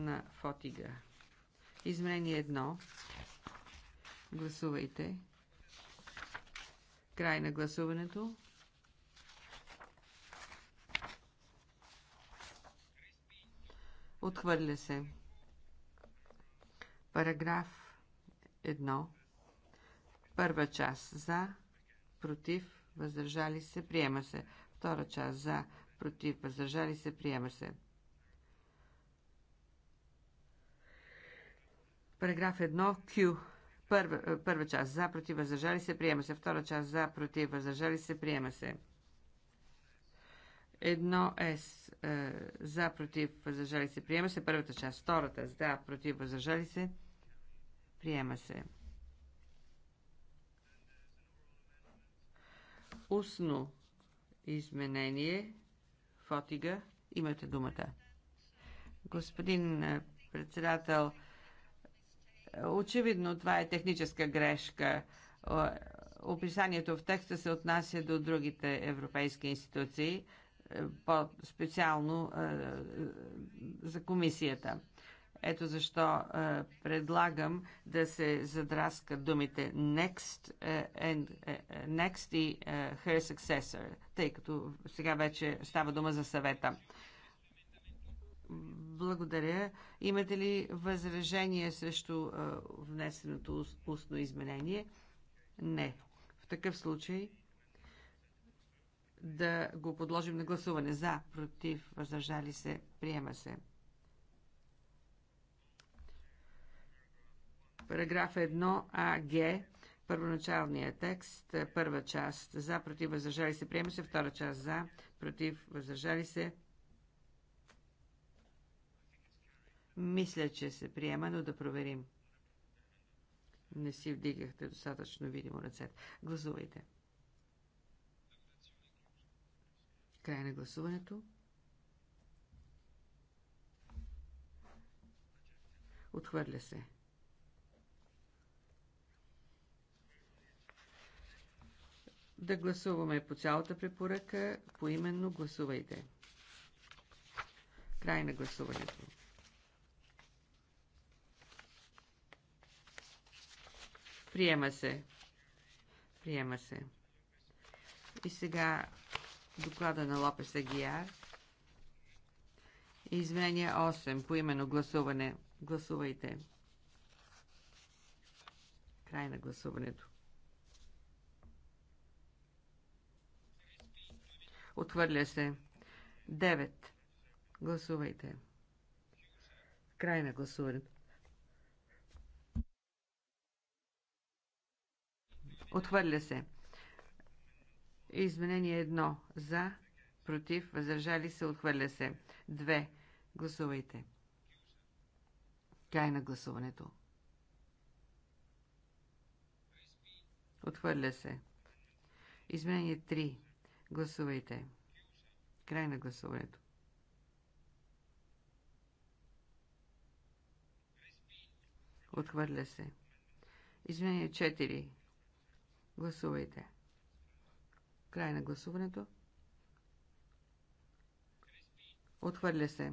на Фотига. Изменение едно. Гласувайте. Край на гласуването. Отхвърля се. Параграф 1. Първа част за, против, въздържали се, приема се. Втора част за, против, въздържали се, приема се. Параграф 1. Q. Първа, е, първа част. За, против, въздържали се, приема се. Втора част. За, против, въздържали се, приема се. Едно С. Е, за, против, въздържали се, приема се. Първата част. Втората. За, против, въздържали се, приема се. Устно изменение. Фотига. Имате думата. Господин е, председател, Очевидно това е техническа грешка. Описанието в текста се отнася до другите европейски институции, е, по-специално е, е, за комисията. Ето защо предлагам да се задраскат думите next, and, next и her successor, тъй като сега вече става дума за съвета. Благодаря. Имате ли възражение срещу внесеното устно изменение? Не. В такъв случай да го подложим на гласуване. За, против, въздържали се, приема се. Параграф 1 АГ, първоначалния текст, първа част за, против, въздържали се, приема се, втора част за, против, въздържали се, Мисля, че се приема, но да проверим. Не си вдигахте достатъчно видимо ръцете. Гласувайте. Край на гласуването. Отхвърля се. Да гласуваме по цялата препоръка, поименно гласувайте. Край на гласуването. Приема се. Приема се. И сега доклада на Лопес Агияр. Извинение 8. По именно гласуване. Гласувайте. Край на гласуването. Отвърля се. 9. Гласувайте. Край на гласуването. Отхвърля се. Изменение едно. За. Против. Въздържали се. Отхвърля се. Две. Гласувайте. Край на гласуването. Отхвърля се. Изменение 3. Гласувайте. Край на гласуването. Отхвърля се. Изменение Гласувайте. Край на гласуването. Отхвърля се.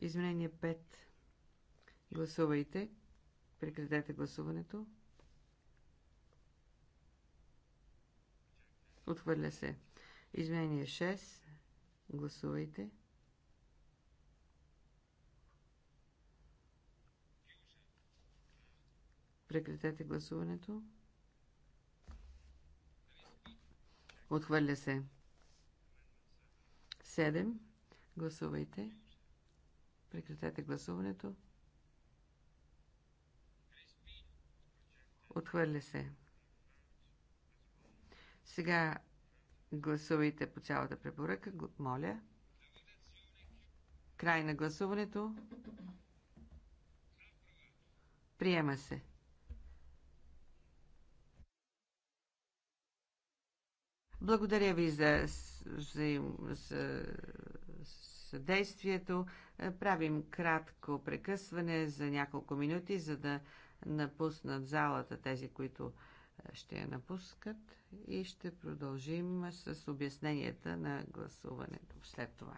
Изменение 5. Гласувайте. Прекратете гласуването. Отхвърля се. Изменение 6. Гласувайте. Прекратете гласуването. Отхвърля се. 7. Гласувайте. Прекратете гласуването. Отхвърля се. Сега гласувайте по цялата препоръка. Моля. Край на гласуването. Приема се. Благодаря ви за, за, за съдействието. Е, правим кратко прекъсване за няколко минути, за да напуснат залата тези, които е, ще я напускат и ще продължим с обясненията на гласуването след това.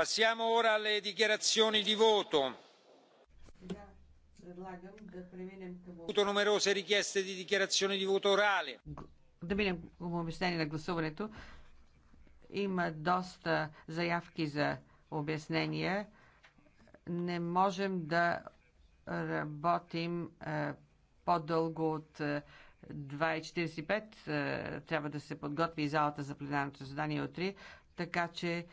Passiamo ora alle dichiarazioni di voto. Да, Numerose richieste di dichiarazione di voto orale. Да минем към обяснение на гласуването. Има доста заявки за обяснения. Не можем да работим е, по-дълго от 2.45. Е, е, трябва да се подготви и залата за пленарното задание утре, така че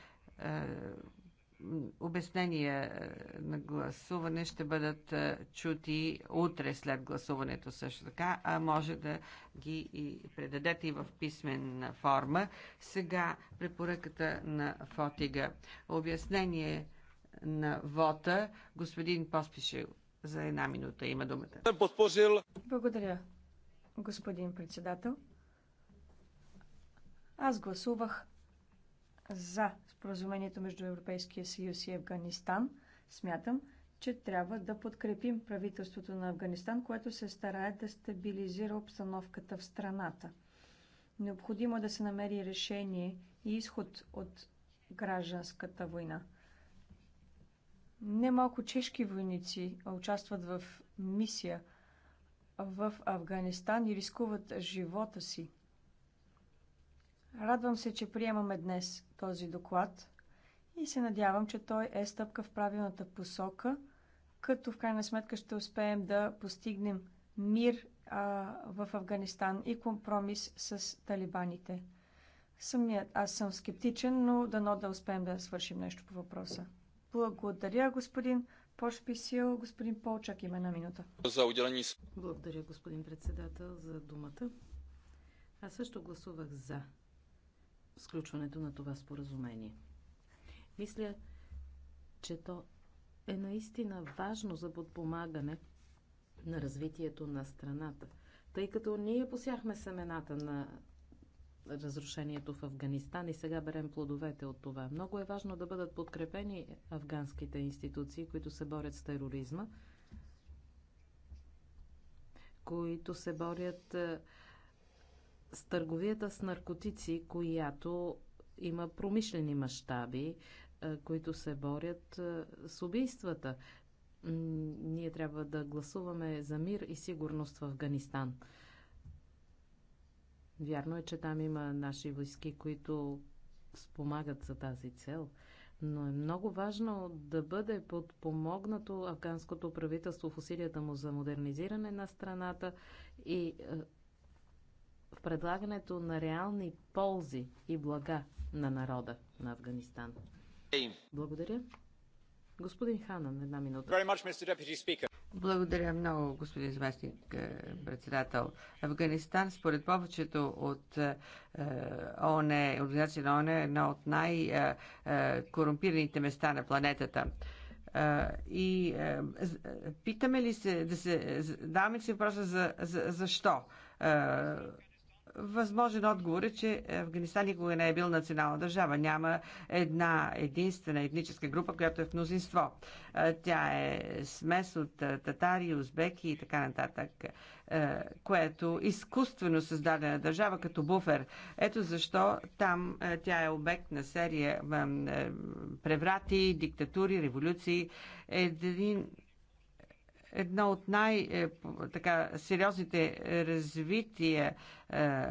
обяснения е, на гласуване ще бъдат е, чути утре след гласуването също така, а може да ги и предадете и в писменна форма. Сега препоръката на Фотига. Обяснение на вота. Господин Поспише за една минута има думата. Благодаря, господин председател. Аз гласувах за споразумението между Европейския съюз и Афганистан, смятам, че трябва да подкрепим правителството на Афганистан, което се старае да стабилизира обстановката в страната. Необходимо е да се намери решение и изход от гражданската война. Немалко чешки войници участват в мисия в Афганистан и рискуват живота си. Радвам се, че приемаме днес този доклад и се надявам, че той е стъпка в правилната посока, като в крайна сметка ще успеем да постигнем мир а, в Афганистан и компромис с талибаните. Самият аз съм скептичен, но дано да успеем да свършим нещо по въпроса. Благодаря, господин Пошписил. Господин Полчак има една минута. Благодаря, господин председател, за думата. Аз също гласувах за сключването на това споразумение. Мисля, че то е наистина важно за подпомагане на развитието на страната, тъй като ние посяхме семената на разрушението в Афганистан и сега берем плодовете от това. Много е важно да бъдат подкрепени афганските институции, които се борят с тероризма, които се борят с търговията с наркотици, която има промишлени мащаби, е, които се борят е, с убийствата. Ние трябва да гласуваме за мир и сигурност в Афганистан. Вярно е, че там има наши войски, които спомагат за тази цел, но е много важно да бъде подпомогнато афганското правителство в усилията му за модернизиране на страната и е, в предлагането на реални ползи и блага на народа на Афганистан. Благодаря. Господин Ханан, една минута. Благодаря много, господин заместник е, председател. Афганистан, според повечето от е, ООН, Организация на ООН, е една от най-корумпираните места на планетата. Е, и питаме ли се, да се, даваме си въпроса за, за, защо? Възможен отговор е, че Афганистан никога не е бил национална държава. Няма една единствена етническа група, която е в мнозинство. Тя е смес от татари, узбеки и така нататък, което изкуствено създадена държава като буфер. Ето защо там тя е обект на серия е, преврати, диктатури, революции. Един едно от най-сериозните е, развития, е, е,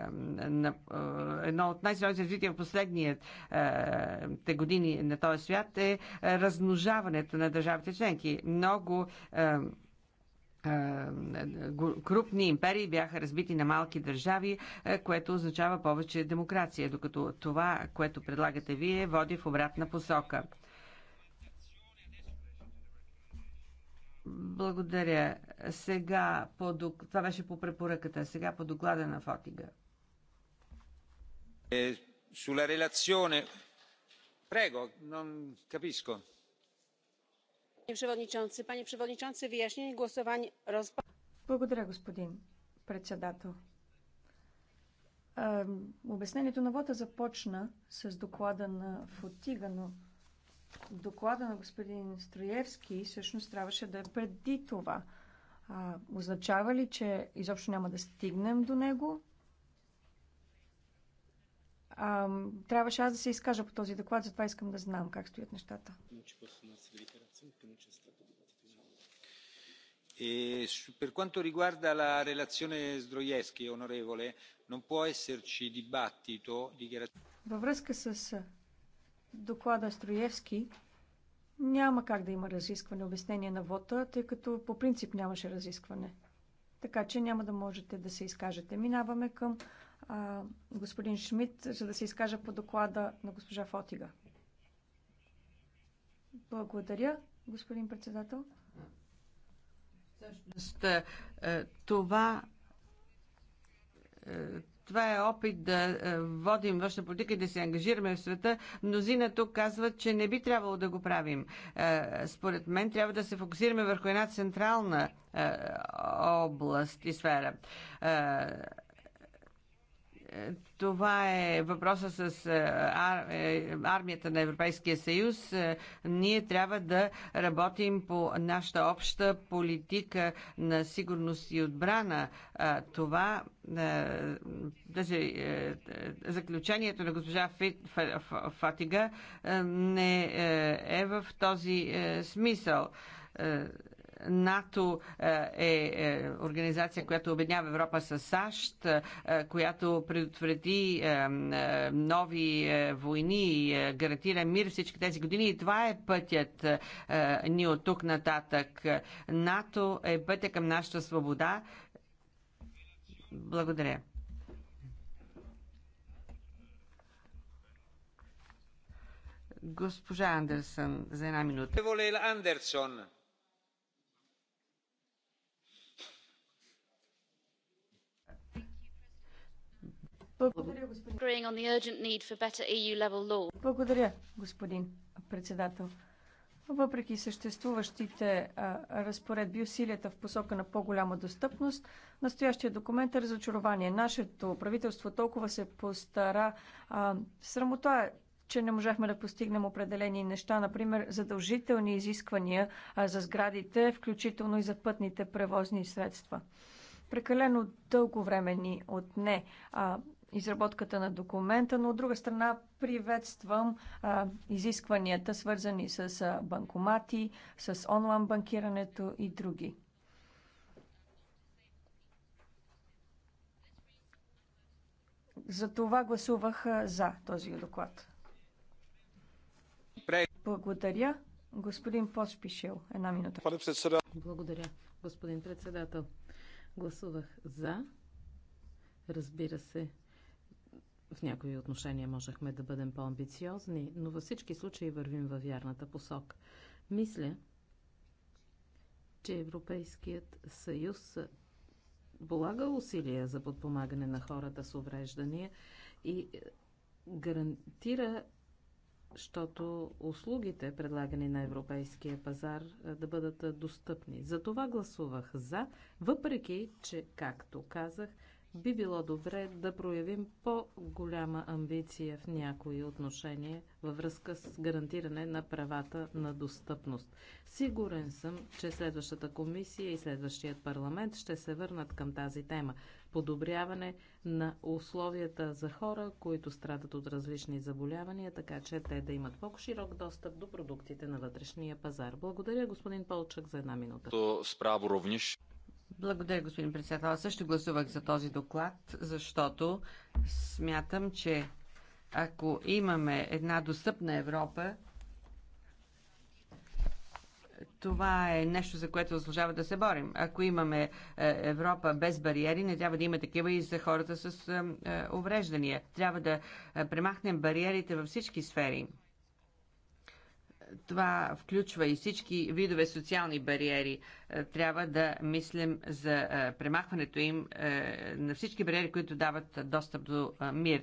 едно от най-сериозните развития в последните години на този свят е размножаването на държавите членки. Много крупни империи бяха разбити на малки държави, което означава повече демокрация, докато това, което предлагате вие, води в обратна посока. Благодаря. Сега по, док... това беше по препоръката. Сега по доклада на Фотига. Е, sulla relazione... Prego, non capisco. Panie przewodniczący, panie przewodniczący, wyjaśnienie głosowań roz... Благодаря, господин председател. Обяснението на вода започна с доклада на Фотига, но доклада на господин Строевски всъщност трябваше да е преди това. А, означава ли, че изобщо няма да стигнем до него? А, трябваше аз да се изкажа по този доклад, затова искам да знам как стоят нещата. E su, per quanto riguarda la relazione Zdroievski, onorevole, non può esserci dibattito, dichiarazione. Във доклада Строевски няма как да има разискване, обяснение на вота, тъй като по принцип нямаше разискване. Така че няма да можете да се изкажете. Минаваме към а, господин Шмидт, за да се изкажа по доклада на госпожа Фотига. Благодаря, господин председател. Всъщност, е, това е, това е опит да е, водим външна политика и да се ангажираме в света. Мнозина тук казват, че не би трябвало да го правим. Е, според мен трябва да се фокусираме върху една централна е, област и сфера е, това е въпроса с е, е, армията на Европейския съюз. Ние трябва да работим по нашата обща политика на сигурност и отбрана. Това даже заключението на госпожа Фатига не е в този смисъл НАТО е, е, е организация, която обеднява Европа с САЩ, е, която предотврати нови войни и гарантира мир всички тези години. И това е пътят ни от тук нататък. НАТО е пътя към нашата свобода. Благодаря. Госпожа Андерсън, за една минута. Андерсон. Благодаря, господин, e Благодаря, господин председател. Въпреки съществуващите разпоредби усилията в посока на по-голяма достъпност, настоящия документ е разочарование. Нашето правителство толкова се постара. срамота е, че не можахме да постигнем определени неща, например задължителни изисквания а, за сградите, включително и за пътните превозни средства. Прекалено дълго време ни отне. А, изработката на документа, но от друга страна приветствам а, изискванията, свързани с а, банкомати, с онлайн банкирането и други. За това гласувах а, за този доклад. Благодаря. Господин Поспишел, една минута. Благодаря, господин председател. Гласувах за. Разбира се, в някои отношения можехме да бъдем по-амбициозни, но във всички случаи вървим във вярната посока. Мисля, че Европейският съюз полага усилия за подпомагане на хората с увреждания и е, гарантира, защото услугите, предлагани на европейския пазар, е, да бъдат е, достъпни. За това гласувах за, въпреки, че, както казах, би било добре да проявим по-голяма амбиция в някои отношения във връзка с гарантиране на правата на достъпност. Сигурен съм, че следващата комисия и следващият парламент ще се върнат към тази тема подобряване на условията за хора, които страдат от различни заболявания, така че те да имат по-широк достъп до продуктите на вътрешния пазар. Благодаря, господин Полчък, за една минута. Благодаря, господин председател. Аз също гласувах за този доклад, защото смятам, че ако имаме една достъпна Европа, това е нещо, за което заслужава да се борим. Ако имаме е, Европа без бариери, не трябва да има такива и за хората с е, е, увреждания. Трябва да премахнем бариерите във всички сфери това включва и всички видове социални бариери. Е, трябва да мислим за е, премахването им е, на всички бариери, които дават достъп до мир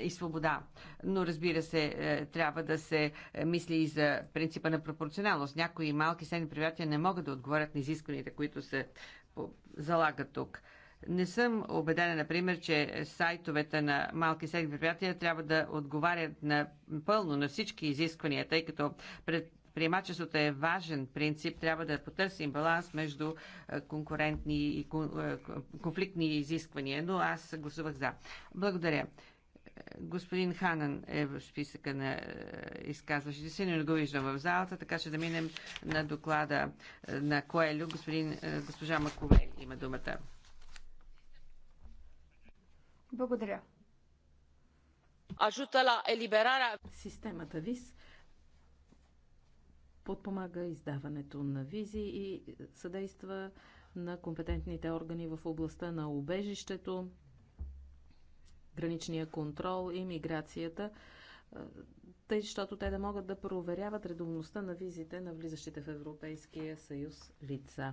и свобода. Но разбира се, трябва да се мисли и за принципа на пропорционалност. Някои малки седни приятели не могат да отговорят на изискванията, които се залагат тук. Не съм убедена, например, че сайтовете на малки средни предприятия трябва да отговарят на пълно на всички изисквания, тъй като пред Приемачеството е важен принцип. Трябва да потърсим баланс между е, конкурентни и е, конфликтни изисквания, но аз гласувах за. Благодаря. Господин Ханан е в списъка на е, изказващите се, но не го виждам в залата, така че да минем на доклада на Коелю. Господин, госпожа Макове има думата. Благодаря. Ajută la eliberarea... Системата ВИС подпомага издаването на визи и съдейства на компетентните органи в областта на убежището, граничния контрол и миграцията, тъй, защото те да могат да проверяват редовността на визите на влизащите в Европейския съюз лица.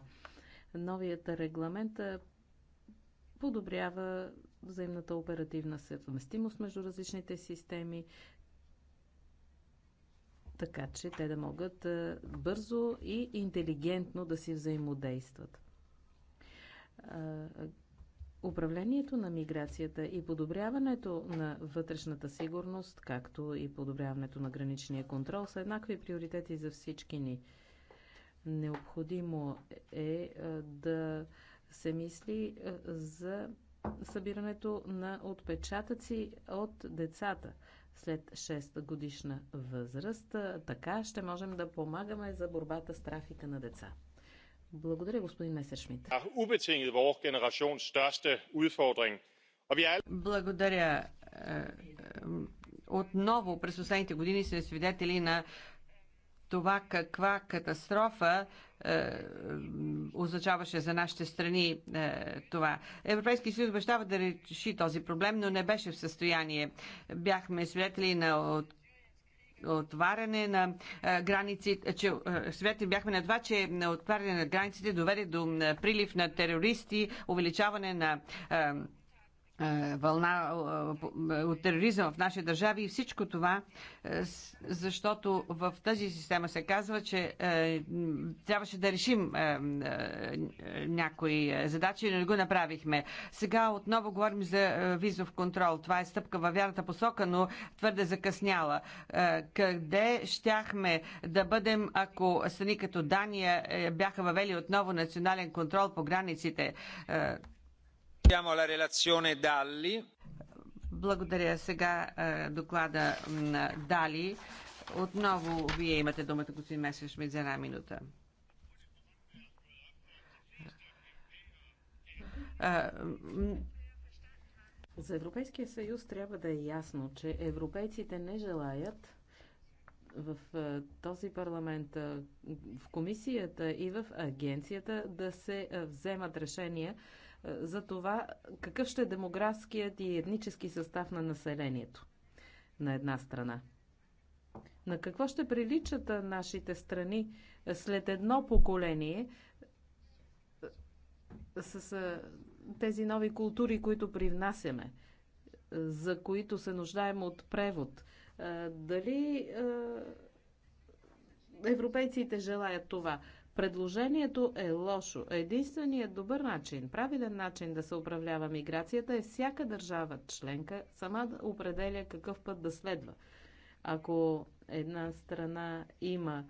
Новият регламент подобрява взаимната оперативна съвместимост между различните системи, така че те да могат бързо и интелигентно да си взаимодействат. Управлението на миграцията и подобряването на вътрешната сигурност, както и подобряването на граничния контрол, са еднакви приоритети за всички ни. Необходимо е да се мисли за събирането на отпечатъци от децата след 6 годишна възраст. Така ще можем да помагаме за борбата с трафика на деца. Благодаря, господин Месершмит. Er Благодаря. Е, отново през последните години сме свидетели на това каква катастрофа е, означаваше за нашите страни е, това. Европейски съюз обещава да реши този проблем, но не беше в състояние. Бяхме свидетели на отваряне на е, границите, че бяхме на това, че отваряне на границите доведе до прилив на терористи, увеличаване на е, вълна е, е, от тероризъм в наши държави и всичко това, защото в тази система се казва, че трябваше да решим някои задачи, но не го направихме. Сега отново говорим за визов контрол. Това е стъпка във вярната посока, но твърде закъсняла. Къде щяхме да бъдем, ако страни като Дания бяха въвели отново национален контрол по границите? Благодаря. Сега е, доклада на Дали. Отново вие имате думата, господин Месершмит, за една минута. Е, за Европейския съюз трябва да е ясно, че европейците не желаят в е, този парламент, в комисията и в агенцията да се вземат решения е, за това какъв ще е демографският и етнически състав на населението на една страна. На какво ще приличат е, нашите страни е, след едно поколение с тези нови култури, които привнасяме, за които се нуждаем от превод? Дали европейците желаят това? Предложението е лошо. Единственият добър начин, правилен начин да се управлява миграцията е всяка държава членка сама да определя какъв път да следва. Ако една страна има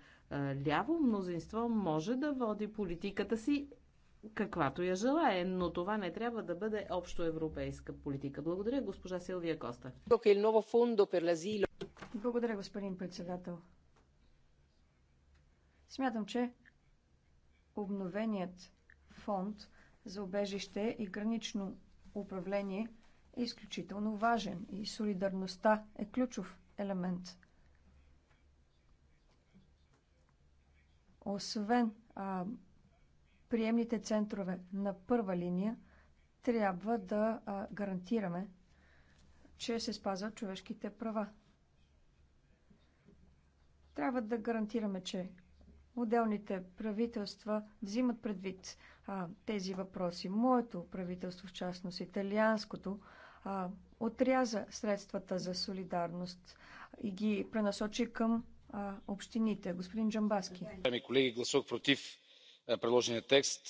ляво мнозинство, може да води политиката си каквато я желае, но това не трябва да бъде общо европейска политика. Благодаря, госпожа Силвия Коста. Благодаря, господин председател. Смятам, че обновеният фонд за обежище и гранично управление е изключително важен и солидарността е ключов елемент. Освен а, приемните центрове на първа линия, трябва да а, гарантираме, че се спазват човешките права. Трябва да гарантираме, че отделните правителства взимат предвид а, тези въпроси. Моето правителство, в частност италианското, а, отряза средствата за солидарност и ги пренасочи към а, общините. Господин Джамбаски. Уважаеми колеги, гласувах против предложения текст,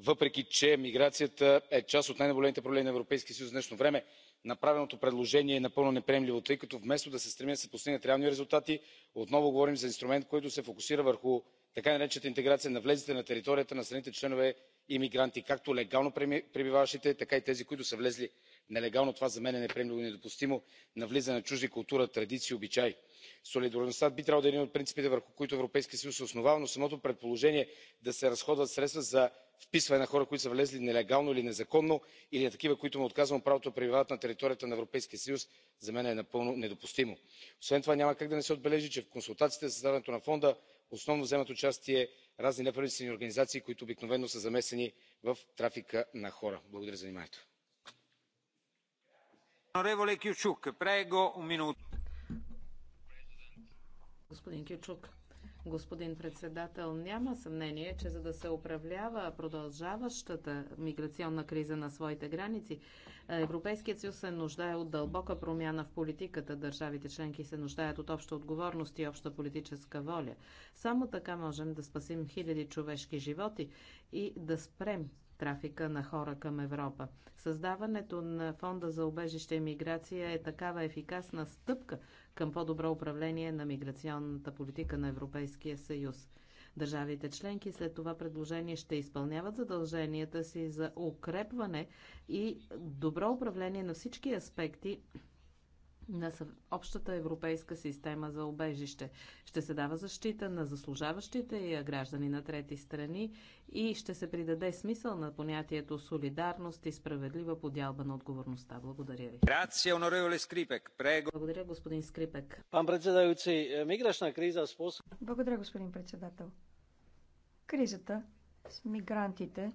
въпреки че миграцията е част от най-наболените проблеми на Европейския съюз в днешно време направеното предложение е напълно неприемливо тъй като вместо да се стремим да се постигнат реални резултати отново говорим за инструмент който се фокусира върху така наречената интеграция на влезлите на територията на страните членки имигранти както легално пребиваващите така и тези които са влезли нелегално. това за мен е неприемливо и недопустимо навлизане на чужди култура традиции и обичаи. солидарността би трябвало да е един от принципите върху които европейският съюз се основава но самото предположение да се разходват средства за вписване на хора които са влезли нелегално или незаконно или на такива на които им е отказано правото да пребивават на територията на европейския съюз за мен е напълно недопустимо. освен това няма как да не се отбележи че в консултациите за създаването на фонда основно вземат участие разни неправителствени организации които обикновено са замесени в трафика на хора. благодаря за вниманието. Господин Господин председател, няма съмнение, че за да се управлява продължаващата миграционна криза на своите граници, Европейският съюз се нуждае от дълбока промяна в политиката. Държавите членки се нуждаят от обща отговорност и обща политическа воля. Само така можем да спасим хиляди човешки животи и да спрем трафика на хора към Европа. Създаването на Фонда за обежище и миграция е такава ефикасна стъпка към по-добро управление на миграционната политика на Европейския съюз. Държавите членки след това предложение ще изпълняват задълженията си за укрепване и добро управление на всички аспекти на общата европейска система за обежище. Ще се дава защита на заслужаващите и граждани на трети страни и ще се придаде смисъл на понятието солидарност и справедлива подялба на отговорността. Благодаря ви. Грация, Скрипек. Благодаря, господин Скрипек. Пан е, криза Благодаря, господин председател. Кризата с мигрантите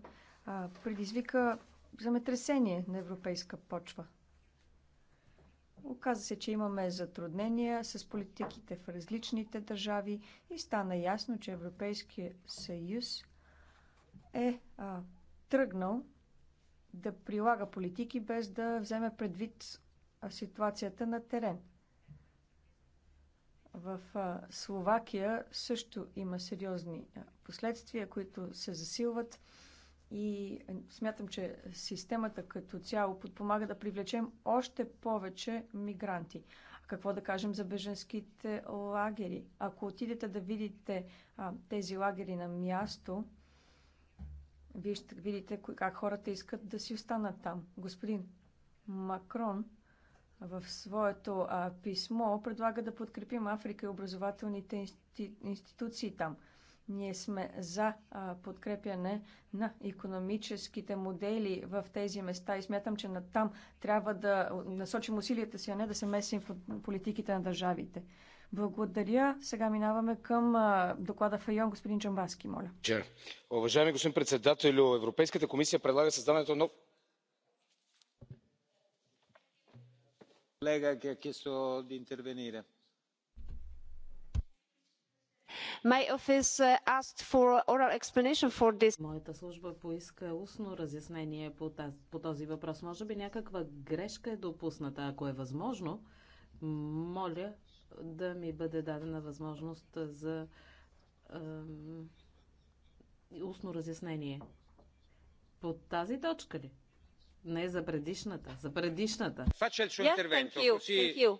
предизвика земетресение на европейска почва – Оказа се, че имаме затруднения с политиките в различните държави и стана ясно, че Европейския съюз е а, тръгнал да прилага политики без да вземе предвид ситуацията на терен. В а, Словакия също има сериозни последствия, които се засилват. И смятам, че системата като цяло подпомага да привлечем още повече мигранти. Какво да кажем за беженските лагери? Ако отидете да видите а, тези лагери на място, вие ще видите как хората искат да си останат там. Господин Макрон в своето а, писмо предлага да подкрепим Африка и образователните институции там – ние сме за подкрепяне на економическите модели в тези места и смятам, че там трябва да насочим усилията си, а не да се месим в политиките на държавите. Благодаря. Сега минаваме към доклада в район Господин Джамбаски, моля. Уважаеми господин председател, Европейската комисия предлага създаването на колега che ha да интервенира? Uh, Моята служба поиска устно разяснение по, този въпрос. Може би някаква грешка е допусната. Ако е възможно, моля да ми бъде дадена възможност за устно разяснение. По тази точка ли? Не за предишната, за предишната. yeah, thank you, thank you.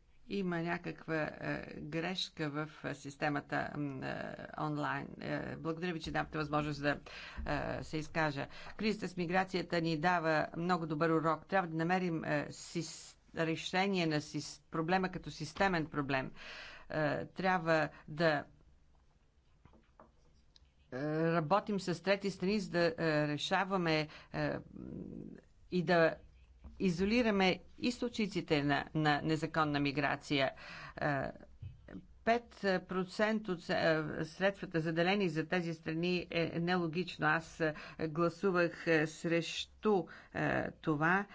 има някаква е, грешка в е, системата е, онлайн. Благодаря ви, че давате възможност да се изкажа. Кризата с миграцията ни дава много добър урок. Трябва да намерим решение на проблема като системен проблем. Трябва да работим с трети страни, за да решаваме и да изолираме източниците на, на незаконна миграция. 5% е, е, от е, средствата заделени за тези страни е нелогично. Аз гласувах срещу това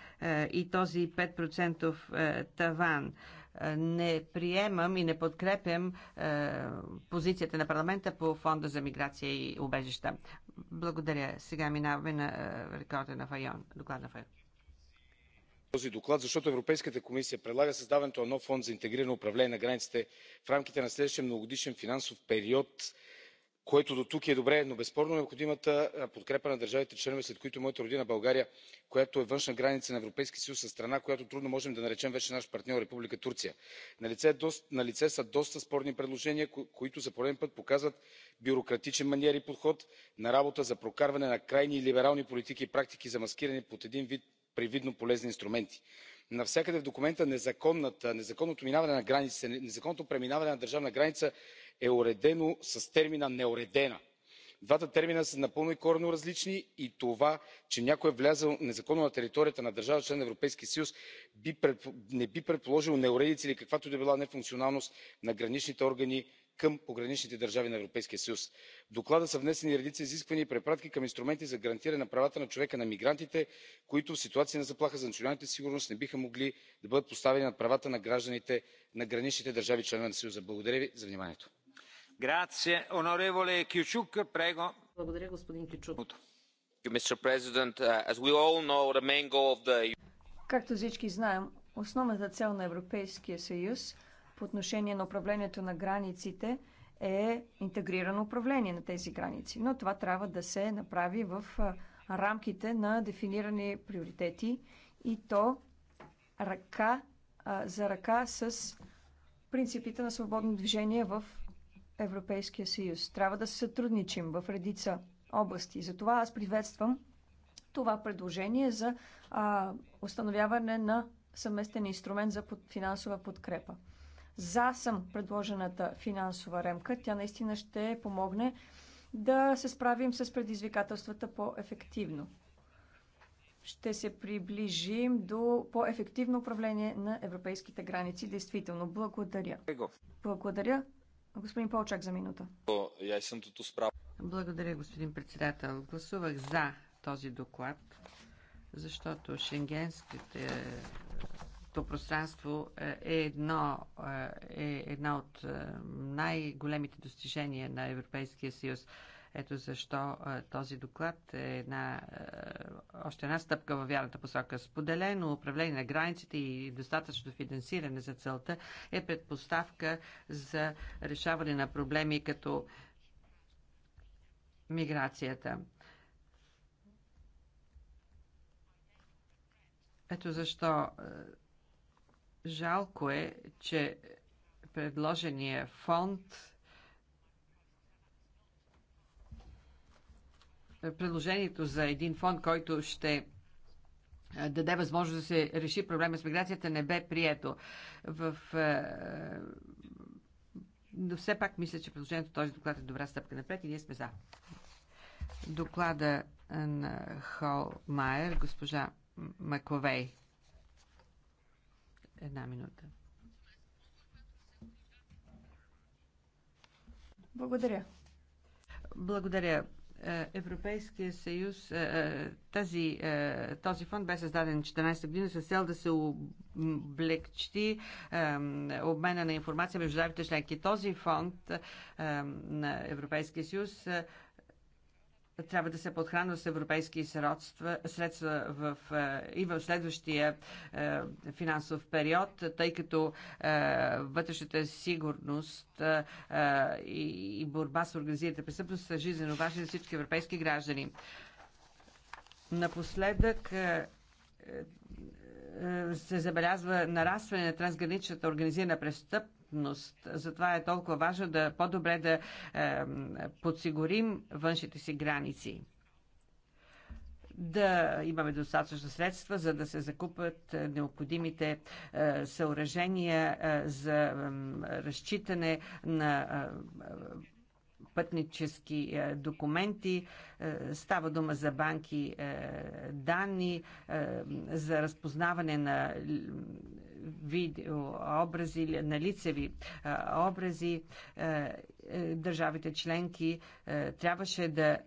и този 5% таван не приемам и не подкрепям позицията на парламента по фонда за миграция и убежища. Благодаря. Сега минаваме на рекорда на Файон, доклад на Файон този доклад защото европейската комисия предлага създаването на нов фонд за интегрирано управление на границите в рамките на следващия многогодишен финансов период което дотук е добре но безспорно е необходимата подкрепа на държавите членки сред които и моята родина българя която е външна граница на европейския съюз със страна която трудно можем да наречем вече наш партньор република турция. налице е са доста спорни предложения които за пореден път показват бюрократичен маниер и подход на работа за прокарване на крайни либерални политики и практики замаскирани под един вид привидно полезни инструменти. навсякъде в документа незаконното минаване на границите незаконното преминаване на държавна граница е уредено с термина неуредена двата термина са напълно и коренно различни и това че някой е влязъл незаконно на територията на държава – член на европейския съюз не би предположило неуредици или каквато и да била нефункционалност на граничните органи към пограничните държави на европейския съюз. в доклада са внесени редица изисквания и препратки към инструменти за гарантиране на правата на човека на мигрантите които в ситуация на заплаха за националната сигурност не биха могли да бъдат поставени над правата на гражданите на граничните държави – членки на съюза. благодаря ви за вниманието. Благодаря, господин Кючук. Uh, Както всички знаем, основната цел на Европейския съюз по отношение на управлението на границите е интегрирано управление на тези граници. Но това трябва да се направи в рамките на дефинирани приоритети и то ръка за ръка с принципите на свободно движение в Европейския съюз. Трябва да се сътрудничим в редица области. Затова аз приветствам това предложение за а, установяване на съместен инструмент за под, финансова подкрепа. За съм предложената финансова ремка. Тя наистина ще помогне да се справим с предизвикателствата по-ефективно. Ще се приближим до по-ефективно управление на европейските граници. Действително, благодаря. Благодаря. Господин Полчак за минута. Благодаря, господин председател. Гласувах за този доклад, защото шенгенските Шенгенското пространство е, е, едно, е, е една от е, най-големите достижения на Европейския съюз. Ето защо този доклад е една, още една стъпка във вярната посока. Споделено управление на границите и достатъчно финансиране за целта е предпоставка за решаване на проблеми като миграцията. Ето защо жалко е, че предложения фонд предложението за един фонд, който ще даде възможност да се реши проблема с миграцията, не бе прието. В, но все пак мисля, че предложението този доклад е добра стъпка напред и ние сме за. Доклада на Майер, госпожа Маковей. Една минута. Благодаря. Благодаря. Е, Европейския съюз, е, е, тази, този фонд бе създаден 14 година с цел да се облегчи обмена на информация между държавите членки. Този фонд на Европейския съюз трябва да се подхранва с европейски средства, средства в, е, и в следващия е, финансов период, тъй като е, вътрешната сигурност и, борба с организираната престъпност са жизненно важни за всички европейски граждани. Напоследък се забелязва нарастване на трансграничната организирана престъп, сигурност. Затова е толкова важно да по-добре да е, подсигурим външните си граници. Да имаме достатъчно средства, за да се закупят е, необходимите е, съоръжения е, за е, разчитане на. Е, пътнически е, документи, е, става дума за банки данни, за разпознаване на видео образи на лицеви образи е, държавите членки трябваше да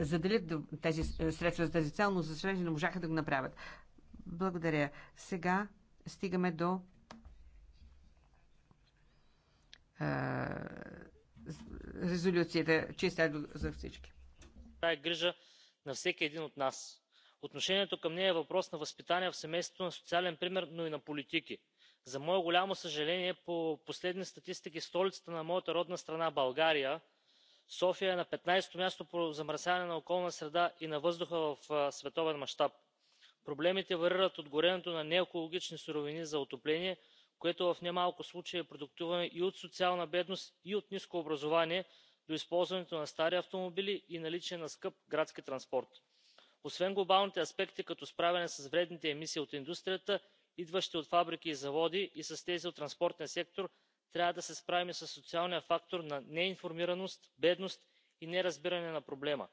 заделят тези средства за тази цел, но за съжаление не можаха да го направят. Благодаря. Сега стигаме до резолюцията, че е за всички. Това е грижа на всеки един от нас отношението към нея е въпрос на възпитание в семейството на социален пример но и на политики. за мое голямо съжаление по последни статистики столицата на моята родна страна българия софия е на петнадесето място по замърсяване на околната среда и на въздуха в световен мащаб. проблемите варират от горенето на неекологични суровини за отопление което в немалко случаи е продиктувано и от социална бедност и от ниско образование до използването на стари автомобили и наличие на скъп градски транспорт освен глобалните аспекти като справяне с вредните емисии от индустрията идващи от фабрики и заводи и с тези от транспортния сектор трябва да се справим и със социалния фактор на неинформираност бедност и неразбиране на проблема.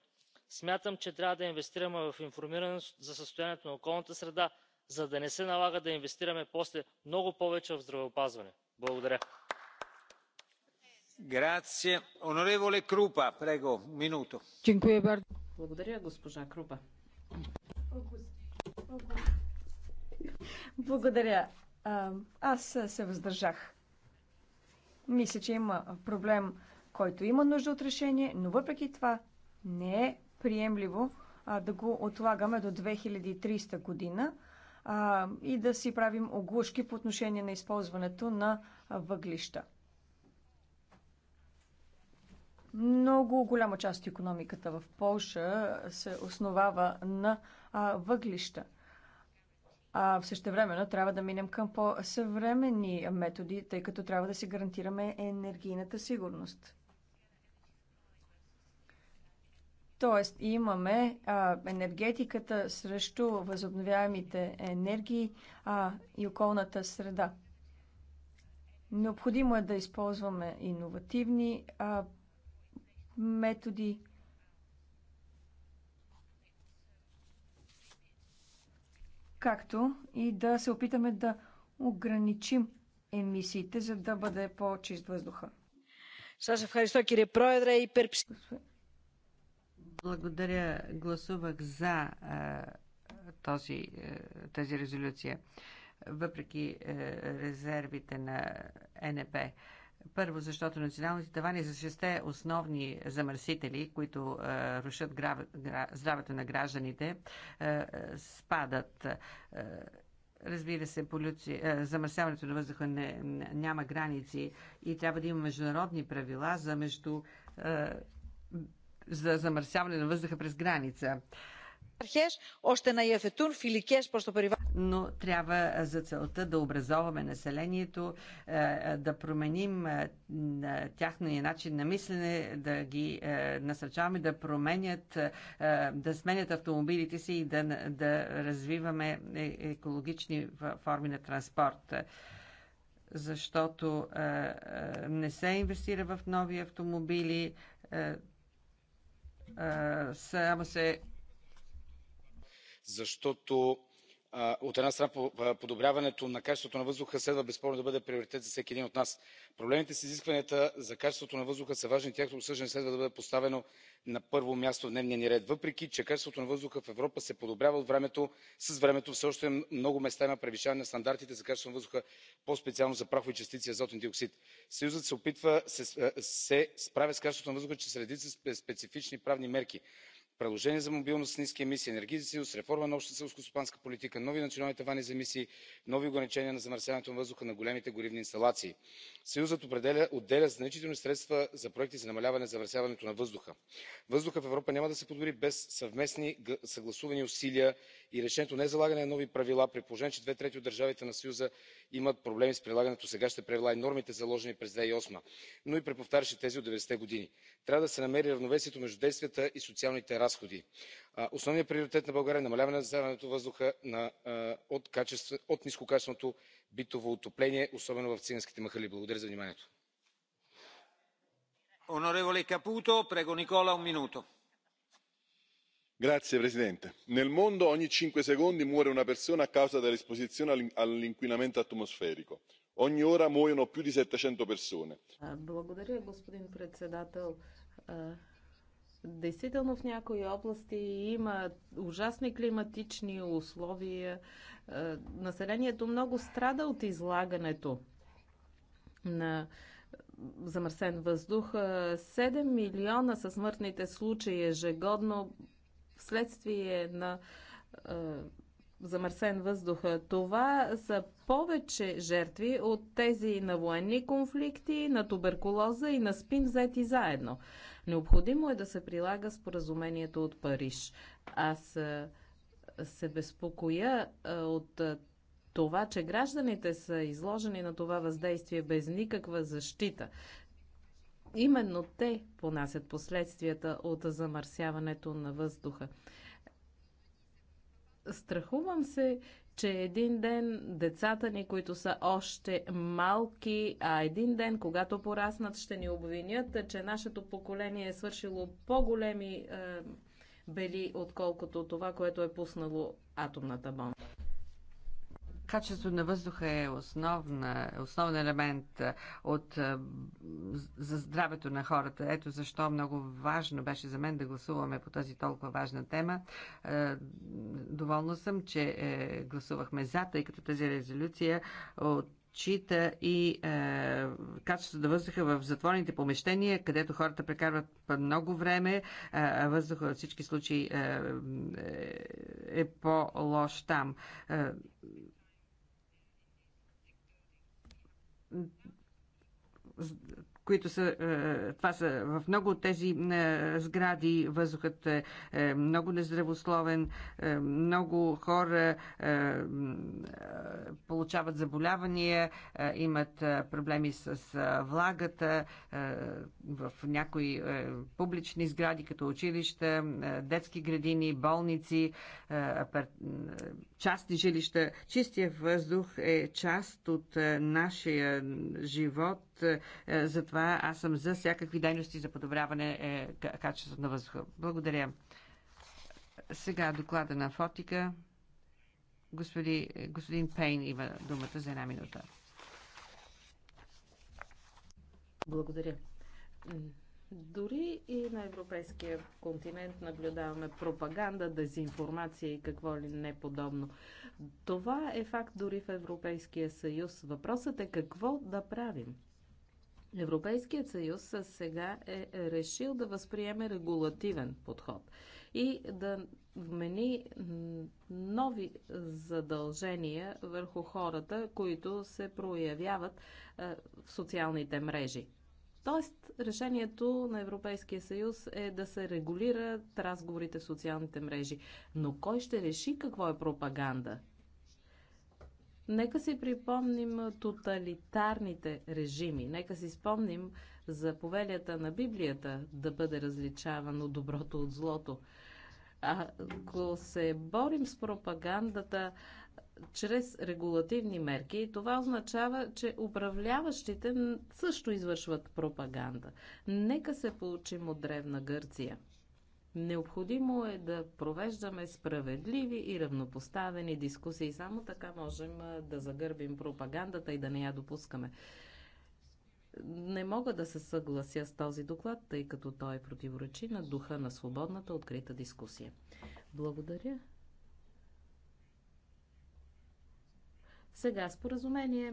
смятам че трябва да инвестираме в информираност за състоянието на околната среда за да не се налага да инвестираме после много повече в здравеопазване. благодаря. благодаря госпожа крупа. Благодаря. Аз се въздържах. Мисля, че има проблем, който има нужда от решение, но въпреки това не е приемливо а, да го отлагаме до 2300 година а, и да си правим оглушки по отношение на използването на въглища. Много голяма част от економиката в Польша се основава на а, въглища. А в същевременно трябва да минем към по-съвременни методи, тъй като трябва да си гарантираме енергийната сигурност. Тоест, имаме а, енергетиката срещу възобновяемите енергии а, и околната среда. Необходимо е да използваме иновативни а, методи. Както и да се опитаме да ограничим емисиите, за да бъде по-чист въздуха. Благодаря. Гласувах за този, тази резолюция, въпреки резервите на НП. Първо, защото националните тавани за шесте основни замърсители, които е, рушат грав... гра... здравето на гражданите, е, е, спадат. Е, разбира се, полюци... е, замърсяването на въздуха не, няма граници и трябва да има международни правила за между. Е, за замърсяване на въздуха през граница. Е, но трябва за целта да образоваме населението, да променим тяхния начин на мислене, да ги насърчаваме да променят, да сменят автомобилите си и да, да развиваме е, екологични форми на транспорт защото не се инвестира в нови автомобили, само се защото от една страна подобряването на качеството на въздуха следва безспорно да бъде приоритет за всеки един от нас. проблемите с изискванията за качеството на въздуха са важни и тяхното обсъждане следва да бъде поставено на първо място в дневния ни ред. въпреки че качеството на въздуха в европа се подобрява с времето все още на много места има превишаване на стандартите за качество на въздуха по специално за прахови частици и азотен диоксид. съюзът се справя с качеството на въздуха чрез редица специфични правни мерки. Предложения за мобилност с ниски емисии енергиен съюз реформа на общата селскостопанска политика нови национални тавани за емисии нови ограничения на замърсяването на въздуха на големите горивни инсталации. съюзът отделя значителни средства за проекти за намаляване замърсяването на въздуха. въздухът в европа няма да се подобри без съвместни съгласувани усилия и решението не е залагане на нови правила при положение че две трети от държавите на съюза имат проблеми с прилагането на сегашните правила и нормите заложени през две хиляди и осма но и при повтарящи се тези от 90-те години. трябва да се намери равновесието между действията и социалните разходи. основният приоритет на българя е намаляване на замърсяването на въздуха от нискокачественото битово отопление особено в циганските махали. благодаря за вниманието signor presidente onorevoli colleghi nel mondo ogni cinque secondi muore una persona a causa dell'esposizione all'inquinamento atmosferico. Ogni ora muoiono più di settecento persone. Действително в някои области има ужасни климатични условия. Населението много страда от излагането на замърсен въздух. 7 милиона са смъртните случаи ежегодно вследствие на е, замърсен въздух. Това са повече жертви от тези на военни конфликти, на туберкулоза и на спин взети заедно. Необходимо е да се прилага споразумението от Париж. Аз се безпокоя от това, че гражданите са изложени на това въздействие без никаква защита именно те понасят последствията от замърсяването на въздуха. Страхувам се, че един ден децата ни, които са още малки, а един ден, когато пораснат, ще ни обвинят, че нашето поколение е свършило по-големи е, бели, отколкото това, което е пуснало атомната бомба. Качеството на въздуха е основна, основен елемент от, за здравето на хората. Ето защо много важно беше за мен да гласуваме по тази толкова важна тема. Доволна съм, че е, гласувахме за, тъй като тази резолюция от чита и е, качеството на въздуха в затворните помещения, където хората прекарват много време, а е, въздуха във всички случаи е, е, е по-лош там. Е, които са, е, това са в много от тези е, сгради въздухът е, е много нездравословен, много хора получават заболявания, имат проблеми с влагата в някои публични сгради, като училища, детски градини, болници, частни жилища. Чистия въздух е част от е, нашия живот, е, е, затова аз съм за всякакви дейности за подобряване качеството на въздуха. Благодаря. Сега доклада на Фотика. Господи, господин Пейн има думата за една минута. Благодаря. Дори и на европейския континент наблюдаваме пропаганда, дезинформация и какво ли не подобно. Това е факт дори в Европейския съюз. Въпросът е какво да правим. Европейският съюз сега е решил да възприеме регулативен подход и да вмени нови задължения върху хората, които се проявяват в социалните мрежи. Тоест, решението на Европейския съюз е да се регулират разговорите в социалните мрежи. Но кой ще реши какво е пропаганда? Нека си припомним тоталитарните режими. Нека си спомним за повелията на Библията да бъде различавано доброто от злото. Ако се борим с пропагандата, чрез регулативни мерки и това означава, че управляващите също извършват пропаганда. Нека се получим от древна Гърция. Необходимо е да провеждаме справедливи и равнопоставени дискусии. Само така можем да загърбим пропагандата и да не я допускаме. Не мога да се съглася с този доклад, тъй като той противоречи на духа на свободната открита дискусия. Благодаря. Сега споразумение